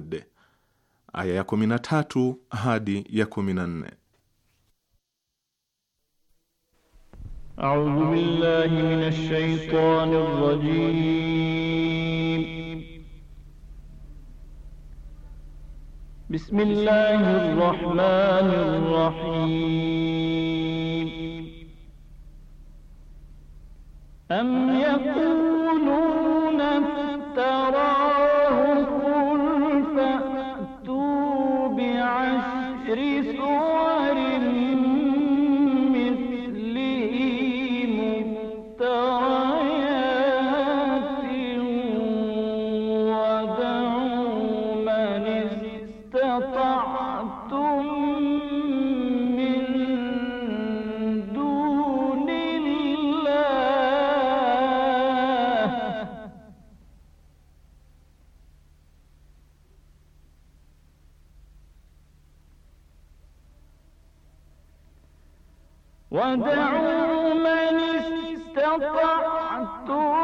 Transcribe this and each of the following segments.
Daud aya ya 13 hadi ya 14. A'udhu billahi minash shaitanir rajim. Bismillahir rahmanir rahim. Am yakuluna iftara استطعتم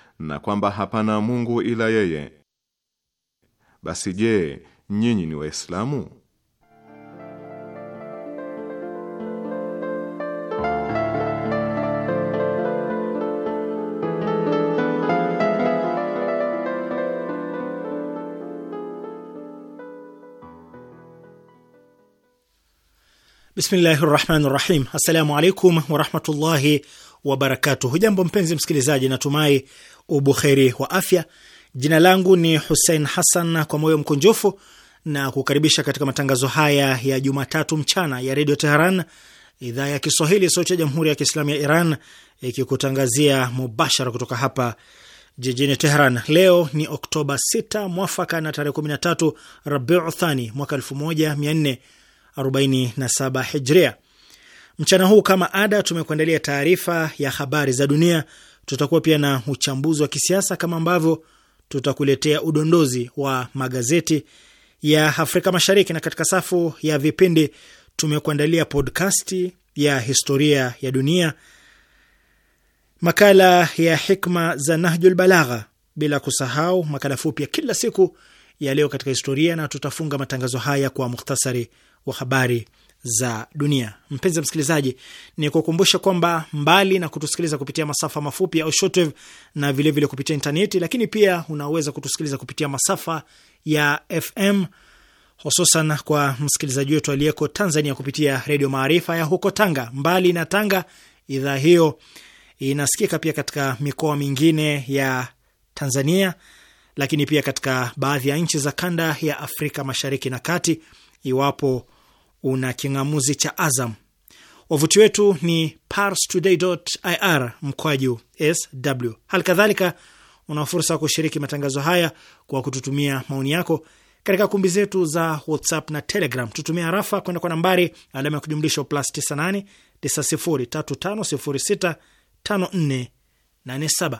na kwamba hapana Mungu ila yeye. Basi je, nyinyi ni Waislamu? Bismillahi rahmani rahim. Assalamu alaikum warahmatullahi wabarakatuh. Hujambo mpenzi msikilizaji, natumai ubuheri wa afya. Jina langu ni Hussein Hassan, kwa moyo mkunjufu na kukaribisha katika matangazo haya ya Jumatatu mchana ya Redio Teheran, idhaa ya Kiswahili, sauti ya Jamhuri ya Kiislamu ya Iran, ikikutangazia mubashara kutoka hapa jijini Teheran. Leo ni Oktoba 6 mwafaka na tarehe 13 Rabiuthani mwaka 1447 Hijria. Mchana huu kama ada, tumekuandalia taarifa ya habari za dunia Tutakuwa pia na uchambuzi wa kisiasa kama ambavyo tutakuletea udondozi wa magazeti ya Afrika Mashariki, na katika safu ya vipindi tumekuandalia podkasti ya historia ya dunia, makala ya hikma za Nahjul Balagha, bila kusahau makala fupi ya kila siku ya leo katika historia, na tutafunga matangazo haya kwa mukhtasari wa habari za dunia. Mpenzi msikilizaji, ni kukumbusha kwamba mbali na kutusikiliza kupitia masafa mafupi au shortwave na vilevile vile kupitia intaneti, lakini pia unaweza kutusikiliza kupitia masafa ya FM hususan kwa msikilizaji wetu aliyeko Tanzania kupitia Redio Maarifa ya huko Tanga. Mbali na Tanga, idhaa hiyo inasikika pia katika mikoa mingine ya Tanzania, lakini pia katika baadhi ya nchi za kanda ya Afrika Mashariki na Kati, iwapo una king'amuzi cha Azam. Wavuti wetu ni parstoday.ir mkwaju sw. Hali kadhalika una fursa ya kushiriki matangazo haya kwa kututumia maoni yako katika kumbi zetu za WhatsApp na Telegram. Tutumia harafa kwenda kwa nambari alama ya kujumlisha plus 98 9035065487.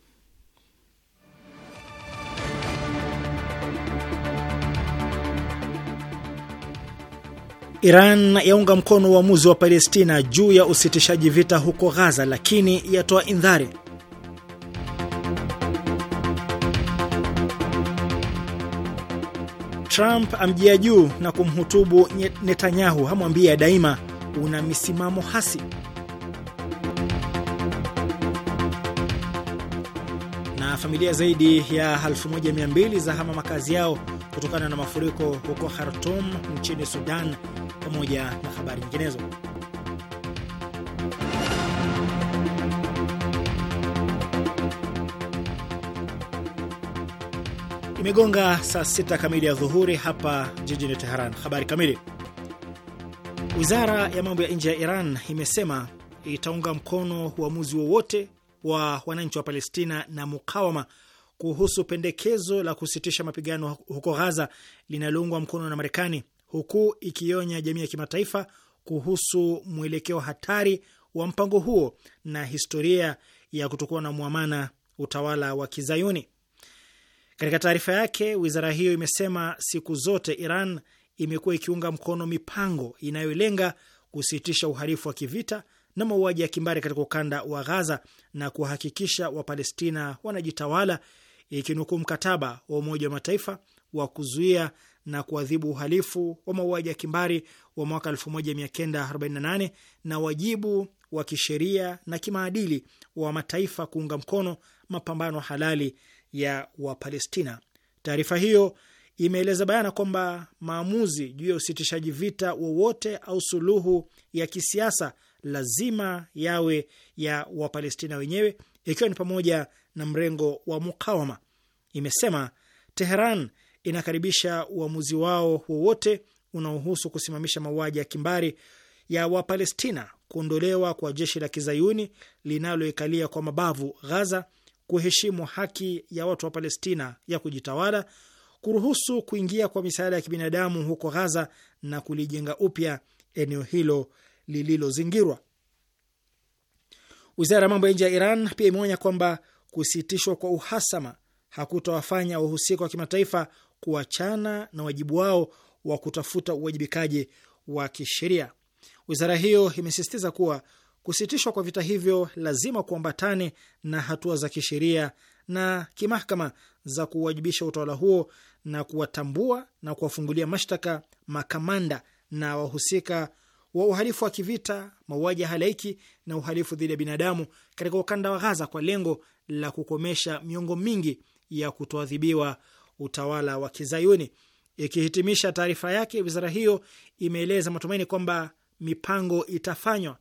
Iran yaunga mkono uamuzi wa Palestina juu ya usitishaji vita huko Ghaza, lakini yatoa indhari. Trump amjia juu na kumhutubu Netanyahu, hamwambia daima una misimamo hasi. Na familia zaidi ya 1200 za hama makazi yao kutokana na mafuriko huko Khartoum nchini Sudan pamoja na habari nyinginezo. Imegonga saa sita kamili ya dhuhuri hapa jijini Teheran. Habari kamili. Wizara ya mambo ya nje ya Iran imesema itaunga mkono uamuzi wowote wa wananchi wa Palestina na mukawama kuhusu pendekezo la kusitisha mapigano huko Ghaza linaloungwa mkono na Marekani huku ikionya jamii ya kimataifa kuhusu mwelekeo hatari wa mpango huo na historia ya kutokuwa na mwamana utawala wa Kizayuni. Katika taarifa yake, wizara hiyo imesema siku zote Iran imekuwa ikiunga mkono mipango inayolenga kusitisha uhalifu wa kivita na mauaji ya kimbari katika ukanda wa Ghaza na kuhakikisha Wapalestina wanajitawala, ikinukuu mkataba wa Umoja wa Mataifa wa kuzuia na kuadhibu uhalifu wa mauaji ya kimbari wa mwaka 1948 na wajibu wa kisheria na kimaadili wa mataifa kuunga mkono mapambano halali ya Wapalestina. Taarifa hiyo imeeleza bayana kwamba maamuzi juu ya usitishaji vita wowote au suluhu ya kisiasa lazima yawe ya Wapalestina wenyewe, ikiwa ni pamoja na mrengo wa mukawama. Imesema Teheran inakaribisha uamuzi wao wowote unaohusu kusimamisha mauaji ya kimbari ya Wapalestina, kuondolewa kwa jeshi la kizayuni linaloikalia kwa mabavu Ghaza, kuheshimu haki ya watu wa Palestina ya kujitawala, kuruhusu kuingia kwa misaada ya kibinadamu huko Ghaza na kulijenga upya eneo hilo lililozingirwa. Wizara ya mambo ya nje ya Iran pia imeonya kwamba kusitishwa kwa uhasama hakutawafanya wahusika wa kimataifa kuachana na wajibu wao wa kutafuta uwajibikaji wa kisheria. Wizara hiyo imesisitiza kuwa kusitishwa kwa vita hivyo lazima kuambatane na hatua za kisheria na kimahakama za kuwajibisha utawala huo na kuwatambua na kuwafungulia mashtaka makamanda na wahusika wa uhalifu wa kivita, mauaji ya halaiki na uhalifu dhidi ya binadamu katika ukanda wa Ghaza kwa lengo la kukomesha miongo mingi ya kutoadhibiwa utawala wa Kizayuni. Ikihitimisha taarifa yake, wizara hiyo imeeleza matumaini kwamba mipango itafanywa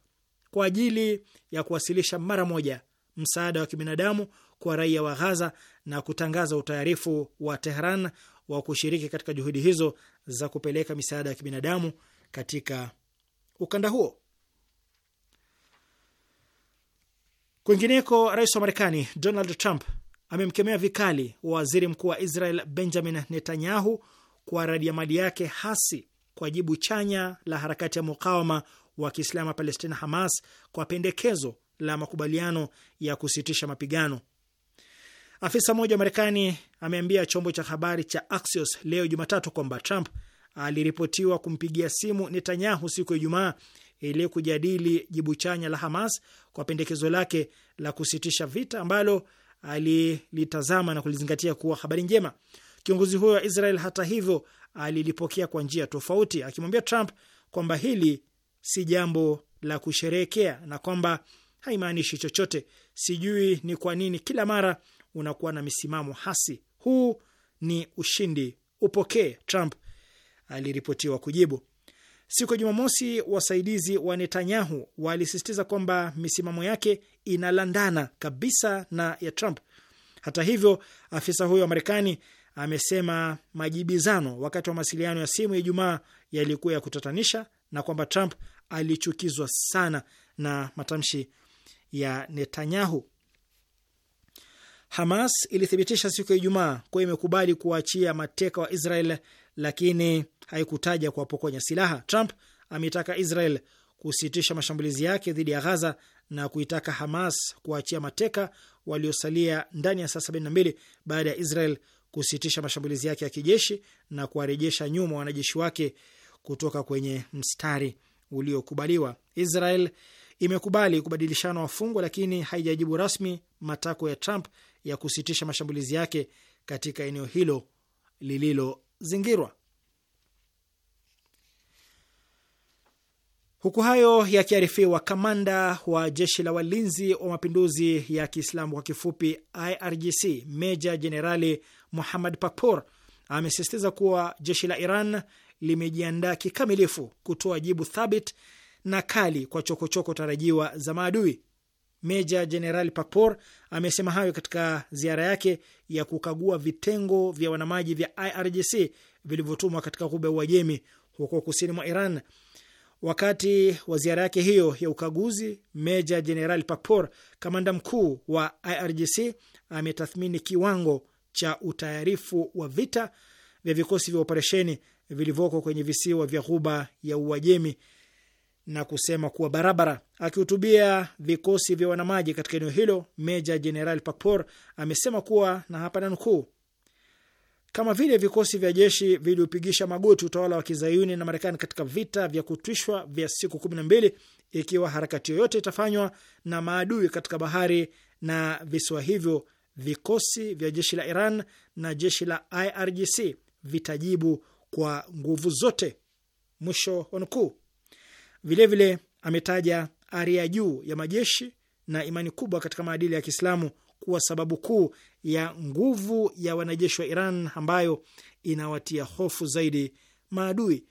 kwa ajili ya kuwasilisha mara moja msaada wa kibinadamu kwa raia wa Ghaza na kutangaza utayarifu wa Tehran wa kushiriki katika juhudi hizo za kupeleka misaada ya kibinadamu katika ukanda huo. Kwingineko, rais wa Marekani Donald Trump amemkemea vikali waziri mkuu wa Israel Benjamin Netanyahu kwa radiamali yake hasi kwa jibu chanya la harakati ya mukawama wa Kiislamu wa Palestina Hamas kwa pendekezo la makubaliano ya kusitisha mapigano. Afisa mmoja wa Marekani ameambia chombo cha habari cha Axios leo Jumatatu kwamba Trump aliripotiwa kumpigia simu Netanyahu siku ya Ijumaa ili kujadili jibu chanya la Hamas kwa pendekezo lake la kusitisha vita ambalo alilitazama na kulizingatia kuwa habari njema. Kiongozi huyo wa Israel hata hivyo alilipokea kwa njia tofauti, akimwambia Trump kwamba hili si jambo la kusherehekea na kwamba haimaanishi chochote. Sijui ni kwa nini kila mara unakuwa na misimamo hasi. Huu ni ushindi, upokee, Trump aliripotiwa kujibu. Siku ya Jumamosi, wasaidizi wa Netanyahu walisisitiza kwamba misimamo yake inalandana kabisa na ya Trump. Hata hivyo, afisa huyo wa Marekani amesema majibizano wakati wa mawasiliano ya simu ya Ijumaa yalikuwa ya kutatanisha na kwamba Trump alichukizwa sana na matamshi ya Netanyahu. Hamas ilithibitisha siku ya Ijumaa kuwa imekubali kuwaachia mateka wa Israel lakini haikutaja kuwapokonya silaha. Trump ameitaka Israel kusitisha mashambulizi yake dhidi ya Ghaza na kuitaka Hamas kuachia mateka waliosalia ndani ya saa 72 baada ya Israel kusitisha mashambulizi yake ya kijeshi na kuwarejesha nyuma wanajeshi wake kutoka kwenye mstari uliokubaliwa. Israel imekubali kubadilishana wafungwa, lakini haijajibu rasmi matakwa ya Trump ya kusitisha mashambulizi yake katika eneo hilo lililo zingirwa. Huku hayo yakiarifiwa, kamanda wa jeshi la walinzi wa mapinduzi ya Kiislamu kwa kifupi IRGC, meja jenerali Muhammad Pakpor amesisitiza kuwa jeshi la Iran limejiandaa kikamilifu kutoa jibu thabit na kali kwa chokochoko choko tarajiwa za maadui. Meja Jenerali Papor amesema hayo katika ziara yake ya kukagua vitengo vya wanamaji vya IRGC vilivyotumwa katika ghuba ya Uajemi huko kusini mwa Iran. Wakati wa ziara yake hiyo ya ukaguzi, Meja Jenerali Papor, kamanda mkuu wa IRGC, ametathmini kiwango cha utayarifu wa vita vya vikosi vya operesheni vilivyoko kwenye visiwa vya ghuba ya Uajemi na kusema kuwa barabara. Akihutubia vikosi vya wanamaji katika eneo hilo, Meja Jeneral Pakpor amesema kuwa na hapa nukuu, kama vile vikosi vya jeshi viliupigisha magoti utawala wa kizayuni na Marekani katika vita vya kutwishwa vya siku kumi na mbili ikiwa harakati yoyote itafanywa na maadui katika bahari na visiwa hivyo, vikosi vya jeshi la Iran na jeshi la IRGC vitajibu kwa nguvu zote, mwisho wa nukuu. Vilevile ametaja ari ya juu ya majeshi na imani kubwa katika maadili ya Kiislamu kuwa sababu kuu ya nguvu ya wanajeshi wa Iran ambayo inawatia hofu zaidi maadui.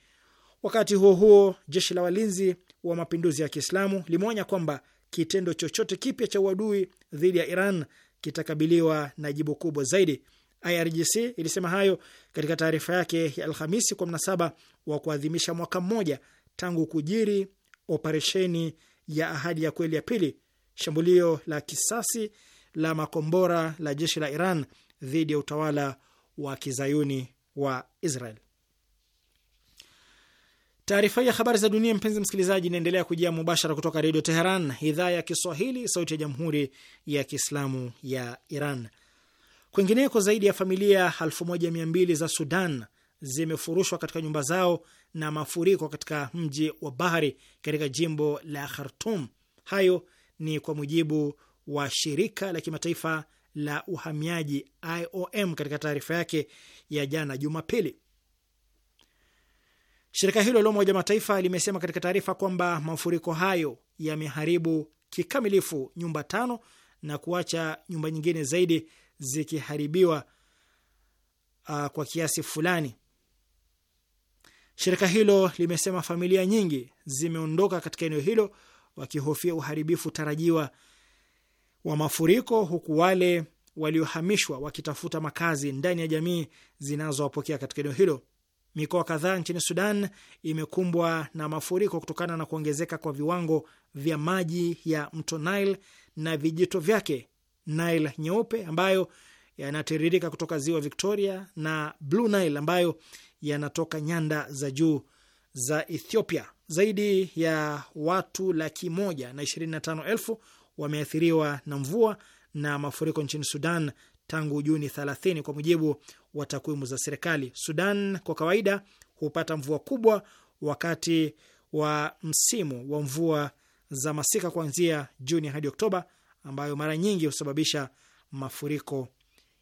Wakati huo huo, jeshi la walinzi wa mapinduzi ya Kiislamu limeonya kwamba kitendo chochote kipya cha uadui dhidi ya Iran kitakabiliwa na jibu kubwa zaidi. IRGC ilisema hayo katika taarifa yake ya Alhamisi kwa mnasaba wa kuadhimisha mwaka mmoja tangu kujiri operesheni ya Ahadi ya Kweli ya pili, shambulio la kisasi la makombora la jeshi la Iran dhidi ya utawala wa kizayuni wa Israel. Taarifa hii ya habari za dunia, mpenzi msikilizaji, inaendelea kujia mubashara kutoka Redio Teheran, idhaa ya Kiswahili, sauti ya Jamhuri ya Kiislamu ya Iran. Kwingineko, zaidi ya familia 1200 za Sudan zimefurushwa katika nyumba zao na mafuriko katika mji wa Bahari katika jimbo la Khartum. Hayo ni kwa mujibu wa shirika la kimataifa la uhamiaji IOM katika taarifa yake ya jana Jumapili. Shirika hilo la Umoja Mataifa limesema katika taarifa kwamba mafuriko hayo yameharibu kikamilifu nyumba tano na kuacha nyumba nyingine zaidi zikiharibiwa uh, kwa kiasi fulani. Shirika hilo limesema familia nyingi zimeondoka katika eneo hilo wakihofia uharibifu tarajiwa wa mafuriko, huku wale waliohamishwa wakitafuta makazi ndani ya jamii zinazowapokea katika eneo hilo. Mikoa kadhaa nchini Sudan imekumbwa na mafuriko kutokana na kuongezeka kwa viwango vya maji ya mto Nile na vijito vyake, Nile nyeupe ambayo yanatiririka kutoka ziwa Victoria na Blue Nile ambayo yanatoka nyanda za juu za Ethiopia. Zaidi ya watu laki moja na ishirini na tano elfu wameathiriwa na mvua na mafuriko nchini Sudan tangu Juni 30 kwa mujibu wa takwimu za serikali. Sudan kwa kawaida hupata mvua kubwa wakati wa msimu wa mvua za masika kuanzia Juni hadi Oktoba, ambayo mara nyingi husababisha mafuriko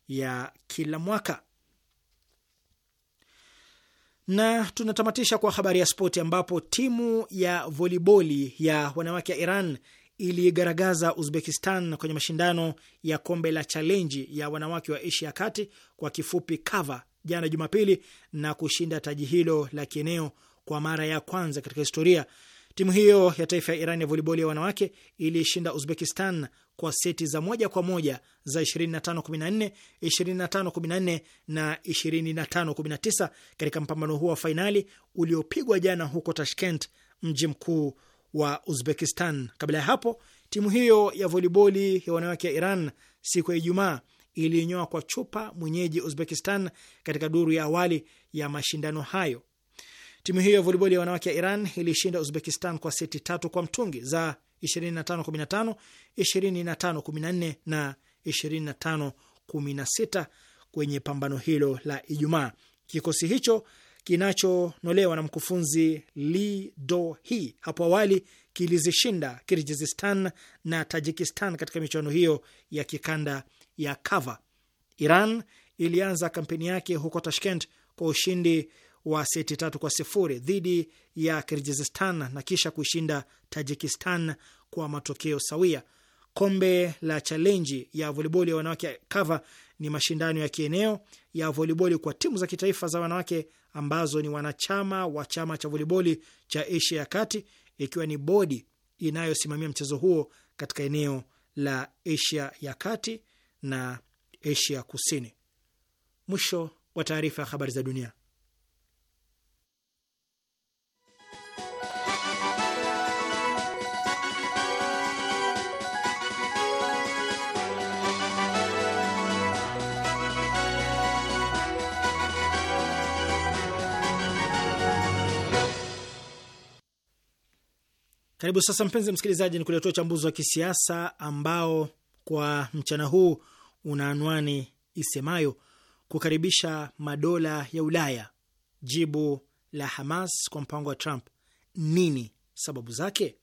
ya kila mwaka. Na tunatamatisha kwa habari ya spoti ambapo timu ya voliboli ya wanawake ya Iran iligaragaza Uzbekistan kwenye mashindano ya kombe la chalenji ya wanawake wa Asia ya kati kwa kifupi KAVA jana Jumapili na kushinda taji hilo la kieneo kwa mara ya kwanza katika historia. Timu hiyo ya taifa ya Iran ya voliboli ya wanawake iliishinda Uzbekistan kwa seti za moja kwa moja za 25-14, 25-14 na 25-19 katika mpambano huo wa fainali uliopigwa jana huko Tashkent, mji mkuu wa Uzbekistan. Kabla ya hapo, timu hiyo ya voliboli ya wanawake ya Iran siku ya Ijumaa ilinyoa kwa chupa mwenyeji Uzbekistan katika duru ya awali ya mashindano hayo. Timu hiyo ya voliboli ya wanawake ya Iran ilishinda Uzbekistan kwa seti tatu kwa mtungi za 25-15, 25-14 na 25-16 kwenye pambano hilo la Ijumaa. Kikosi hicho kinachonolewa na mkufunzi Li Dohi hapo awali kilizishinda Kirgizistan na Tajikistan katika michuano hiyo ya kikanda ya Kava. Iran ilianza kampeni yake huko Tashkent kwa ushindi wa seti tatu kwa sifuri dhidi ya Kirgizistan na kisha kuishinda Tajikistan kwa matokeo sawia. Kombe la chalenji ya voliboli ya wanawake kava ni mashindano ya kieneo ya voliboli kwa timu za kitaifa za wanawake ambazo ni wanachama wa chama cha voliboli cha Asia ya kati ikiwa ni bodi inayosimamia mchezo huo katika eneo la Asia ya kati na Asia kusini. Mwisho wa taarifa ya habari za dunia. Karibu sasa, mpenzi msikilizaji, ni kuletea uchambuzi wa kisiasa ambao kwa mchana huu una anwani isemayo kukaribisha madola ya Ulaya, jibu la Hamas kwa mpango wa Trump, nini sababu zake?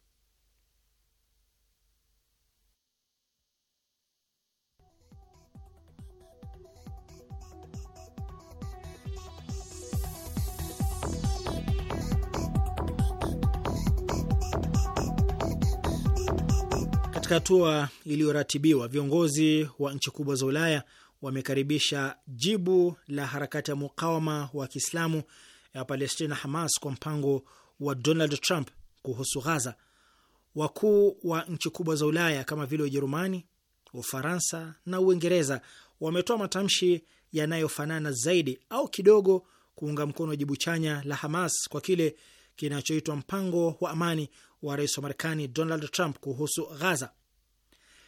Katika hatua iliyoratibiwa, viongozi wa nchi kubwa za Ulaya wamekaribisha jibu la harakati ya mukawama wa Kiislamu ya Palestina, Hamas, kwa mpango wa Donald Trump kuhusu Ghaza. Wakuu wa nchi kubwa za Ulaya kama vile Ujerumani, Ufaransa na Uingereza wametoa matamshi yanayofanana zaidi au kidogo kuunga mkono jibu chanya la Hamas kwa kile kinachoitwa mpango wa amani wa rais wa Marekani Donald Trump kuhusu Ghaza.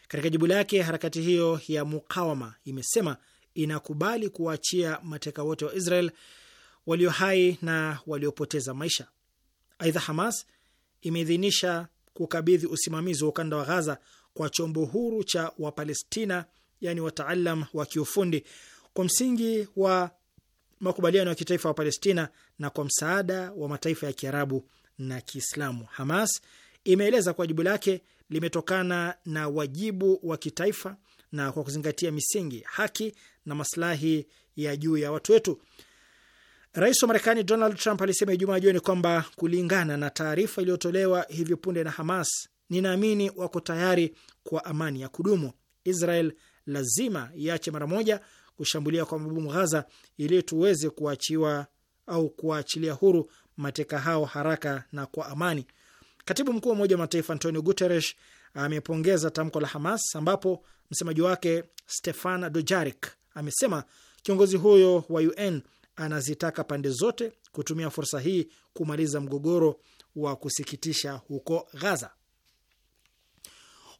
Katika jibu lake, harakati hiyo ya mukawama imesema inakubali kuwaachia mateka wote wa Israel walio hai na waliopoteza maisha. Aidha, Hamas imeidhinisha kukabidhi usimamizi wa ukanda wa Ghaza kwa chombo huru cha Wapalestina, yani wataalam wa kiufundi kwa msingi wa makubaliano ya kitaifa wa Palestina na kwa msaada wa mataifa ya Kiarabu na Kiislamu. Hamas imeeleza kuwa jibu lake limetokana na wajibu wa kitaifa na kwa kuzingatia misingi, haki na maslahi ya juu ya watu wetu. Rais wa Marekani Donald Trump alisema Ijumaa jioni kwamba kulingana na taarifa iliyotolewa hivi punde na Hamas, ninaamini wako tayari kwa amani ya kudumu. Israel lazima iache mara moja kushambulia kwa mabomu Ghaza ili tuweze kuachiwa au kuachilia huru mateka hao haraka na kwa amani. Katibu mkuu wa Umoja wa Mataifa Antonio Guterres amepongeza tamko la Hamas, ambapo msemaji wake Stefan Dojarik amesema kiongozi huyo wa UN anazitaka pande zote kutumia fursa hii kumaliza mgogoro wa kusikitisha huko Gaza.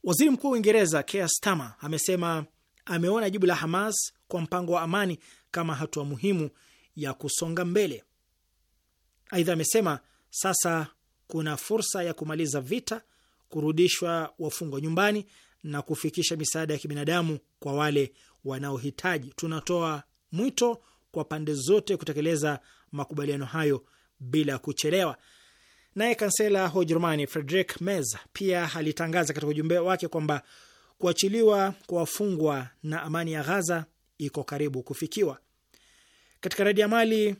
Waziri Mkuu wa Uingereza Keir Starmer amesema ameona jibu la Hamas kwa mpango wa amani kama hatua muhimu ya kusonga mbele. Aidha amesema sasa kuna fursa ya kumaliza vita, kurudishwa wafungwa nyumbani na kufikisha misaada ya kibinadamu kwa wale wanaohitaji. Tunatoa mwito kwa pande zote kutekeleza makubaliano hayo bila kuchelewa. Naye kansela wa Ujerumani Friedrich Merz pia alitangaza katika ujumbe wake kwamba kuachiliwa kwa wafungwa na amani ya Ghaza iko karibu kufikiwa. Katika radi mali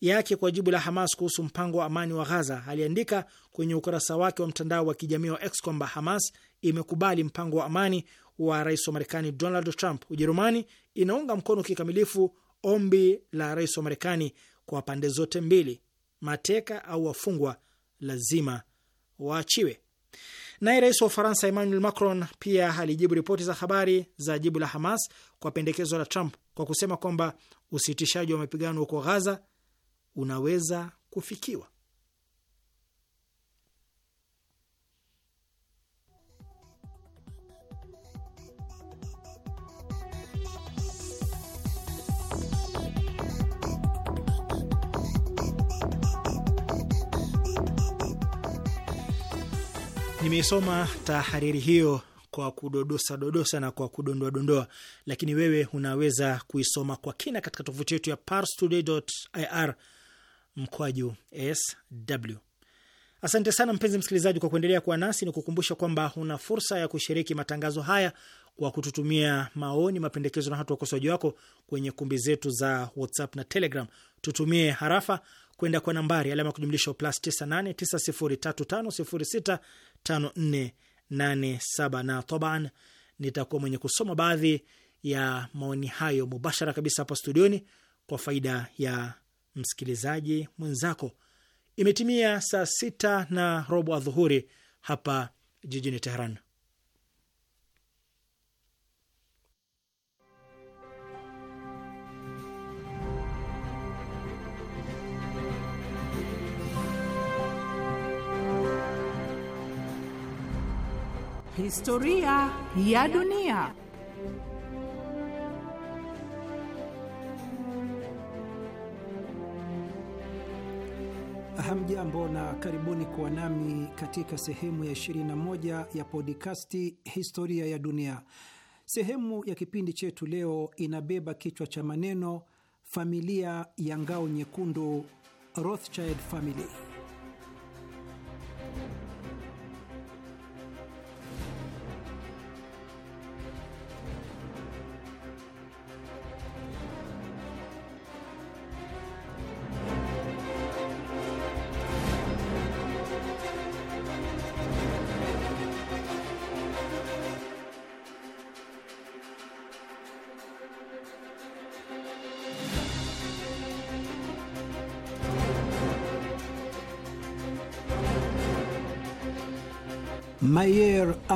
yake kwa jibu la Hamas kuhusu mpango wa amani wa Ghaza aliandika kwenye ukurasa wake wa mtandao wa kijamii wa X kwamba Hamas imekubali mpango wa amani wa rais wa Marekani Donald Trump. Ujerumani inaunga mkono kikamilifu ombi la rais wa Marekani kwa pande zote mbili, mateka au wafungwa lazima waachiwe. Naye rais wa Ufaransa Emmanuel Macron pia alijibu ripoti za habari za jibu la Hamas kwa pendekezo la Trump kwa kusema kwamba usitishaji wa mapigano huko Ghaza unaweza kufikiwa. Nimeisoma tahariri hiyo kwa kudodosa dodosa na kwa kudondoa dondoa, lakini wewe unaweza kuisoma kwa kina katika tovuti yetu ya parstoday.ir mkwaju sw. Asante sana mpenzi msikilizaji kwa kuendelea kuwa nasi. Ni kukumbusha kwamba una fursa ya kushiriki matangazo haya kwa kututumia maoni, mapendekezo na hata ukosoaji wako kwenye kumbi zetu za WhatsApp na Telegram. Tutumie harafa kwenda kwa nambari alama ya kujumlisha plus 989035065487 na taban nitakuwa mwenye kusoma baadhi ya maoni hayo mubashara kabisa hapa studioni kwa faida ya msikilizaji mwenzako. Imetimia saa sita na robo adhuhuri hapa jijini Teheran. Historia ya dunia. Hamjambo na karibuni kuwa nami katika sehemu ya 21 ya podikasti Historia ya Dunia. Sehemu ya kipindi chetu leo inabeba kichwa cha maneno familia ya ngao nyekundu, Rothschild family.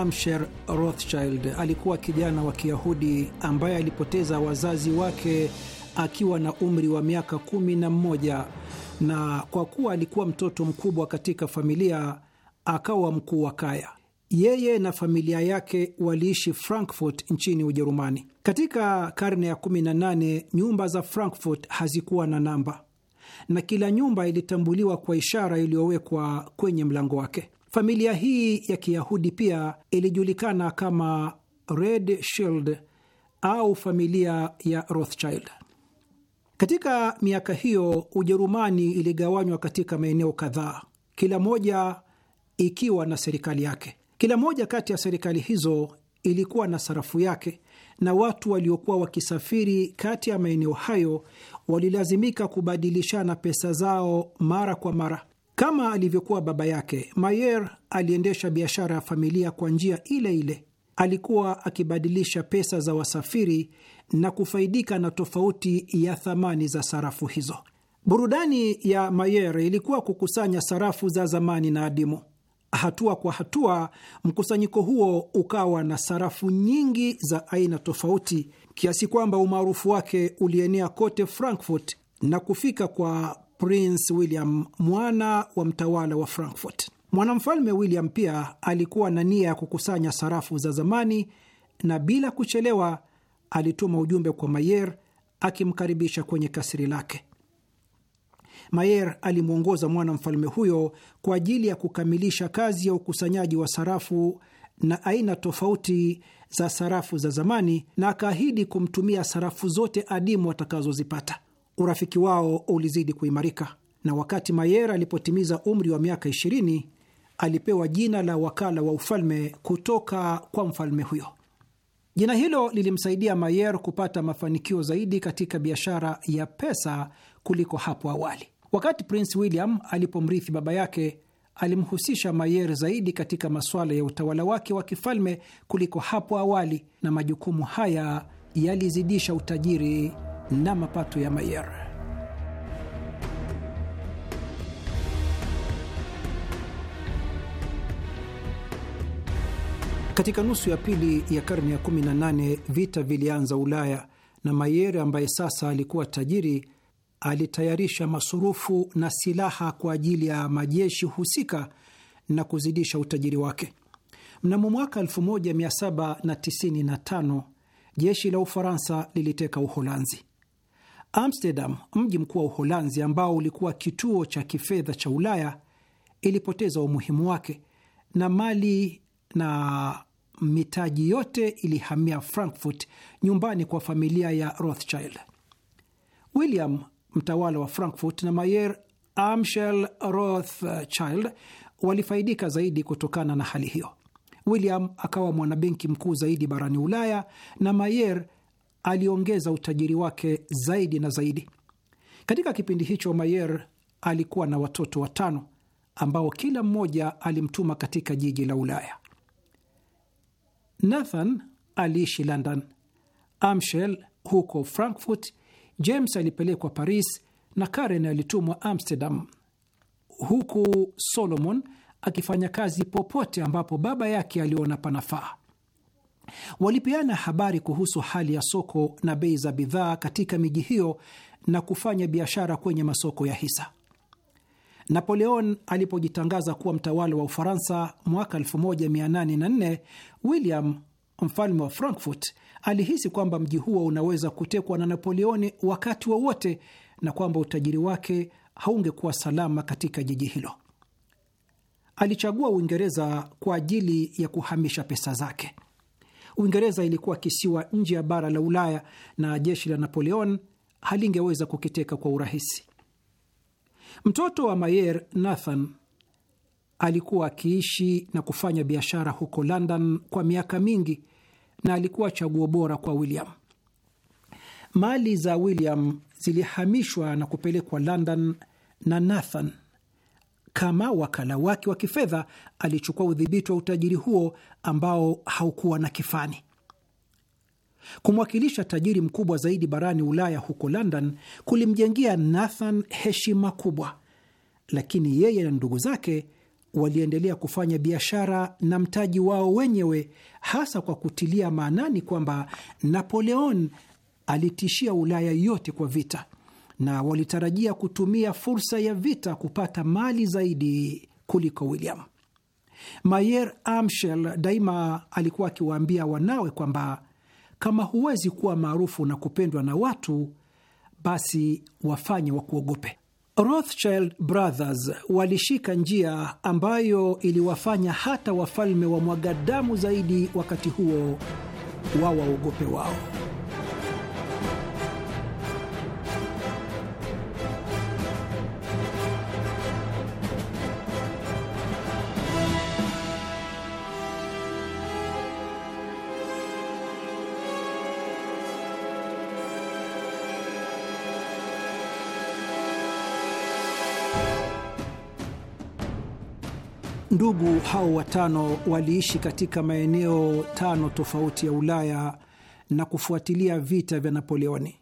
Amsher Rothschild alikuwa kijana wa Kiyahudi ambaye alipoteza wazazi wake akiwa na umri wa miaka kumi na mmoja, na kwa kuwa alikuwa mtoto mkubwa katika familia akawa mkuu wa kaya. Yeye na familia yake waliishi Frankfurt nchini Ujerumani. Katika karne ya 18 nyumba za Frankfurt hazikuwa na namba na kila nyumba ilitambuliwa kwa ishara iliyowekwa kwenye mlango wake. Familia hii ya Kiyahudi pia ilijulikana kama Red Shield au familia ya Rothschild. Katika miaka hiyo Ujerumani iligawanywa katika maeneo kadhaa, kila moja ikiwa na serikali yake. Kila moja kati ya serikali hizo ilikuwa na sarafu yake, na watu waliokuwa wakisafiri kati ya maeneo hayo walilazimika kubadilishana pesa zao mara kwa mara. Kama alivyokuwa baba yake, Mayer aliendesha biashara ya familia kwa njia ile ile. Alikuwa akibadilisha pesa za wasafiri na kufaidika na tofauti ya thamani za sarafu hizo. Burudani ya Mayer ilikuwa kukusanya sarafu za zamani na adimu. Hatua kwa hatua, mkusanyiko huo ukawa na sarafu nyingi za aina tofauti, kiasi kwamba umaarufu wake ulienea kote Frankfurt na kufika kwa Prince William, mwana wa mtawala wa Frankfurt. Mwanamfalme William pia alikuwa na nia ya kukusanya sarafu za zamani na bila kuchelewa alituma ujumbe kwa Mayer akimkaribisha kwenye kasiri lake. Mayer alimwongoza mwanamfalme huyo kwa ajili ya kukamilisha kazi ya ukusanyaji wa sarafu na aina tofauti za sarafu za zamani na akaahidi kumtumia sarafu zote adimu atakazozipata urafiki wao ulizidi kuimarika, na wakati Mayer alipotimiza umri wa miaka 20 alipewa jina la wakala wa ufalme kutoka kwa mfalme huyo. Jina hilo lilimsaidia Mayer kupata mafanikio zaidi katika biashara ya pesa kuliko hapo awali. Wakati Prince William alipomrithi baba yake, alimhusisha Mayer zaidi katika masuala ya utawala wake wa kifalme kuliko hapo awali, na majukumu haya yalizidisha utajiri na mapato ya Mayer. Katika nusu ya pili ya karne ya 18 vita vilianza Ulaya na Mayer ambaye sasa alikuwa tajiri alitayarisha masurufu na silaha kwa ajili ya majeshi husika na kuzidisha utajiri wake. Mnamo mwaka 1795 jeshi la Ufaransa liliteka Uholanzi. Amsterdam, mji mkuu wa Uholanzi ambao ulikuwa kituo cha kifedha cha Ulaya, ilipoteza umuhimu wake na mali na mitaji yote ilihamia Frankfurt, nyumbani kwa familia ya Rothschild. William mtawala wa Frankfurt na Mayer Amshel Rothschild walifaidika zaidi kutokana na hali hiyo. William akawa mwanabenki mkuu zaidi barani Ulaya na Mayer aliongeza utajiri wake zaidi na zaidi. Katika kipindi hicho, Mayer alikuwa na watoto watano ambao kila mmoja alimtuma katika jiji la Ulaya. Nathan aliishi London, Amshel huko Frankfurt, James alipelekwa Paris na Karen alitumwa Amsterdam, huku Solomon akifanya kazi popote ambapo baba yake aliona panafaa. Walipeana habari kuhusu hali ya soko na bei za bidhaa katika miji hiyo na kufanya biashara kwenye masoko ya hisa. Napoleon alipojitangaza kuwa mtawala wa Ufaransa mwaka 1804, William mfalme wa Frankfurt alihisi kwamba mji huo unaweza kutekwa na Napoleoni wakati wowote wa na kwamba utajiri wake haungekuwa salama katika jiji hilo. Alichagua Uingereza kwa ajili ya kuhamisha pesa zake. Uingereza ilikuwa kisiwa nje ya bara la Ulaya na jeshi la Napoleon halingeweza kukiteka kwa urahisi. Mtoto wa Mayer, Nathan, alikuwa akiishi na kufanya biashara huko London kwa miaka mingi na alikuwa chaguo bora kwa William. Mali za William zilihamishwa na kupelekwa London na Nathan kama wakala wake wa kifedha alichukua udhibiti wa utajiri huo ambao haukuwa na kifani. Kumwakilisha tajiri mkubwa zaidi barani Ulaya huko London kulimjengia Nathan heshima kubwa, lakini yeye na ndugu zake waliendelea kufanya biashara na mtaji wao wenyewe, hasa kwa kutilia maanani kwamba Napoleon alitishia Ulaya yote kwa vita na walitarajia kutumia fursa ya vita kupata mali zaidi kuliko William. Mayer Amshel daima alikuwa akiwaambia wanawe kwamba kama huwezi kuwa maarufu na kupendwa na watu, basi wafanye wa kuogope Rothschild Brothers walishika njia ambayo iliwafanya hata wafalme wa mwagadamu zaidi wakati huo wawaogope wao. Ndugu hao watano waliishi katika maeneo tano tofauti ya Ulaya na kufuatilia vita vya Napoleoni.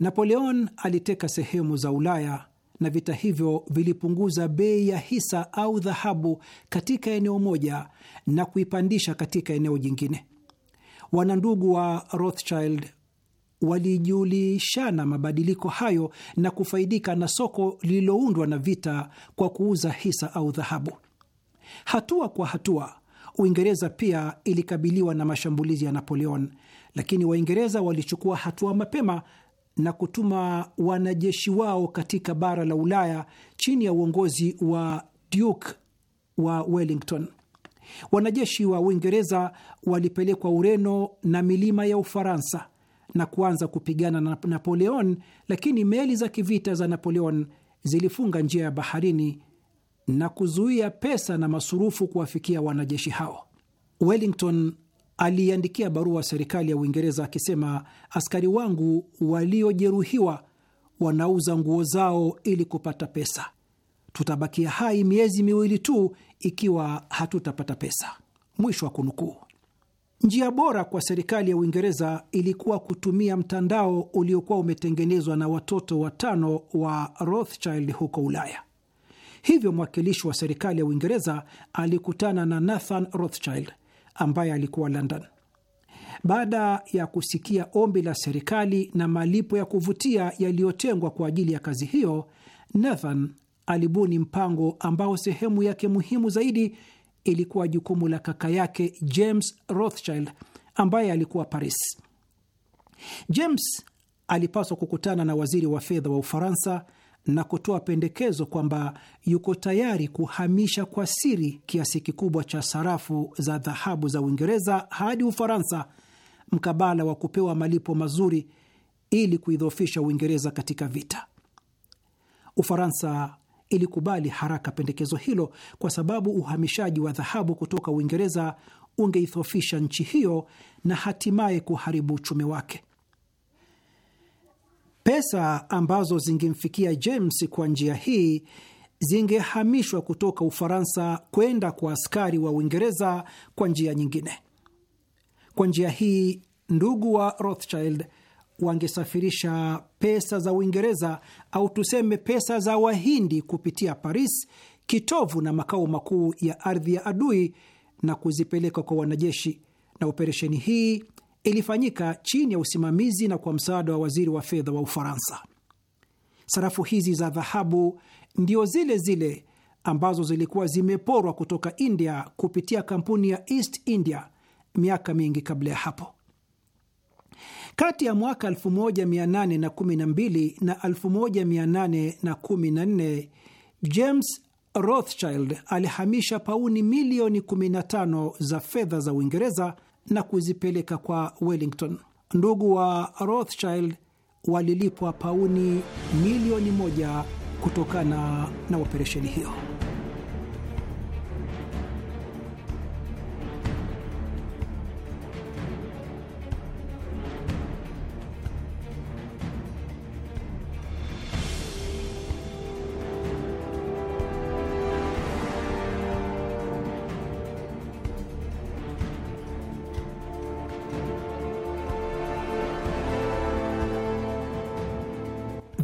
Napoleon aliteka sehemu za Ulaya na vita hivyo vilipunguza bei ya hisa au dhahabu katika eneo moja na kuipandisha katika eneo jingine. Wanandugu wa Rothschild walijulishana mabadiliko hayo na kufaidika na soko lililoundwa na vita kwa kuuza hisa au dhahabu. Hatua kwa hatua, Uingereza pia ilikabiliwa na mashambulizi ya Napoleon, lakini Waingereza walichukua hatua mapema na kutuma wanajeshi wao katika bara la Ulaya chini ya uongozi wa Duke wa Wellington. Wanajeshi wa Uingereza walipelekwa Ureno na milima ya Ufaransa na kuanza kupigana na Napoleon, lakini meli za kivita za Napoleon zilifunga njia ya baharini na kuzuia pesa na masurufu kuwafikia wanajeshi hao. Wellington aliiandikia barua serikali ya Uingereza akisema, askari wangu waliojeruhiwa wanauza nguo zao ili kupata pesa. Tutabakia hai miezi miwili tu ikiwa hatutapata pesa. Mwisho wa kunukuu. Njia bora kwa serikali ya Uingereza ilikuwa kutumia mtandao uliokuwa umetengenezwa na watoto watano wa Rothschild huko Ulaya. Hivyo mwakilishi wa serikali ya Uingereza alikutana na Nathan Rothschild ambaye alikuwa London. Baada ya kusikia ombi la serikali na malipo ya kuvutia yaliyotengwa kwa ajili ya kazi hiyo, Nathan alibuni mpango ambao sehemu yake muhimu zaidi ilikuwa jukumu la kaka yake James Rothschild ambaye alikuwa Paris. James alipaswa kukutana na waziri wa fedha wa Ufaransa na kutoa pendekezo kwamba yuko tayari kuhamisha kwa siri kiasi kikubwa cha sarafu za dhahabu za Uingereza hadi Ufaransa mkabala wa kupewa malipo mazuri ili kuidhofisha Uingereza katika vita. Ufaransa ilikubali haraka pendekezo hilo kwa sababu uhamishaji wa dhahabu kutoka Uingereza ungeidhofisha nchi hiyo na hatimaye kuharibu uchumi wake. Pesa ambazo zingemfikia James kwa njia hii zingehamishwa kutoka Ufaransa kwenda kwa askari wa Uingereza kwa njia nyingine. Kwa njia hii, ndugu wa Rothschild wangesafirisha pesa za Uingereza au tuseme pesa za Wahindi kupitia Paris, kitovu na makao makuu ya ardhi ya adui, na kuzipeleka kwa wanajeshi, na operesheni hii ilifanyika chini ya usimamizi na kwa msaada wa waziri wa fedha wa Ufaransa. Sarafu hizi za dhahabu ndio zile zile ambazo zilikuwa zimeporwa kutoka India kupitia kampuni ya East India miaka mingi kabla ya hapo. Kati ya mwaka 1812 na 1814 James Rothschild alihamisha pauni milioni 15 za fedha za Uingereza na kuzipeleka kwa Wellington. Ndugu wa Rothschild walilipwa pauni milioni moja kutokana na operesheni hiyo.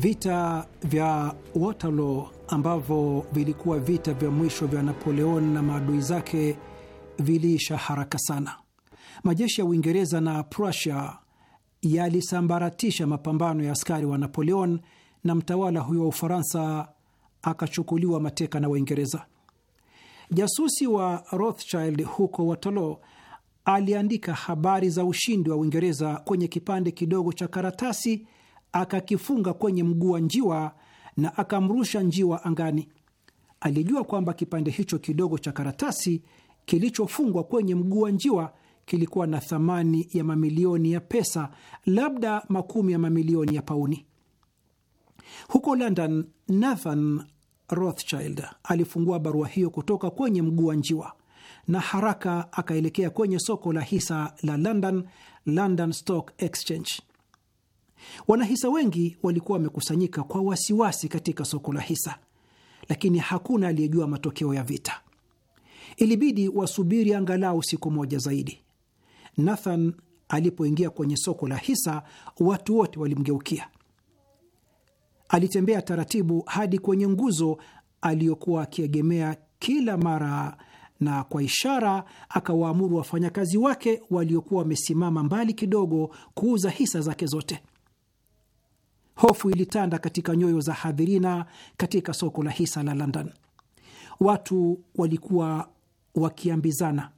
Vita vya Waterloo ambavyo vilikuwa vita vya mwisho vya Napoleon na maadui zake viliisha haraka sana. Majeshi ya Uingereza na Prussia yalisambaratisha mapambano ya askari wa Napoleon na mtawala huyo wa Ufaransa akachukuliwa mateka na Waingereza. Jasusi wa Rothschild huko Waterloo aliandika habari za ushindi wa Uingereza kwenye kipande kidogo cha karatasi akakifunga kwenye mguu wa njiwa na akamrusha njiwa angani. Alijua kwamba kipande hicho kidogo cha karatasi kilichofungwa kwenye mguu wa njiwa kilikuwa na thamani ya mamilioni ya pesa, labda makumi ya mamilioni ya pauni. Huko London, Nathan Rothschild alifungua barua hiyo kutoka kwenye mguu wa njiwa na haraka akaelekea kwenye soko la hisa la London, London Stock Exchange. Wanahisa wengi walikuwa wamekusanyika kwa wasiwasi katika soko la hisa, lakini hakuna aliyejua matokeo ya vita. Ilibidi wasubiri angalau siku moja zaidi. Nathan alipoingia kwenye soko la hisa, watu wote walimgeukia. Alitembea taratibu hadi kwenye nguzo aliyokuwa akiegemea kila mara, na kwa ishara akawaamuru wafanyakazi wake waliokuwa wamesimama mbali kidogo kuuza hisa zake zote. Hofu ilitanda katika nyoyo za hadhirina katika soko la hisa la London. Watu walikuwa wakiambizana,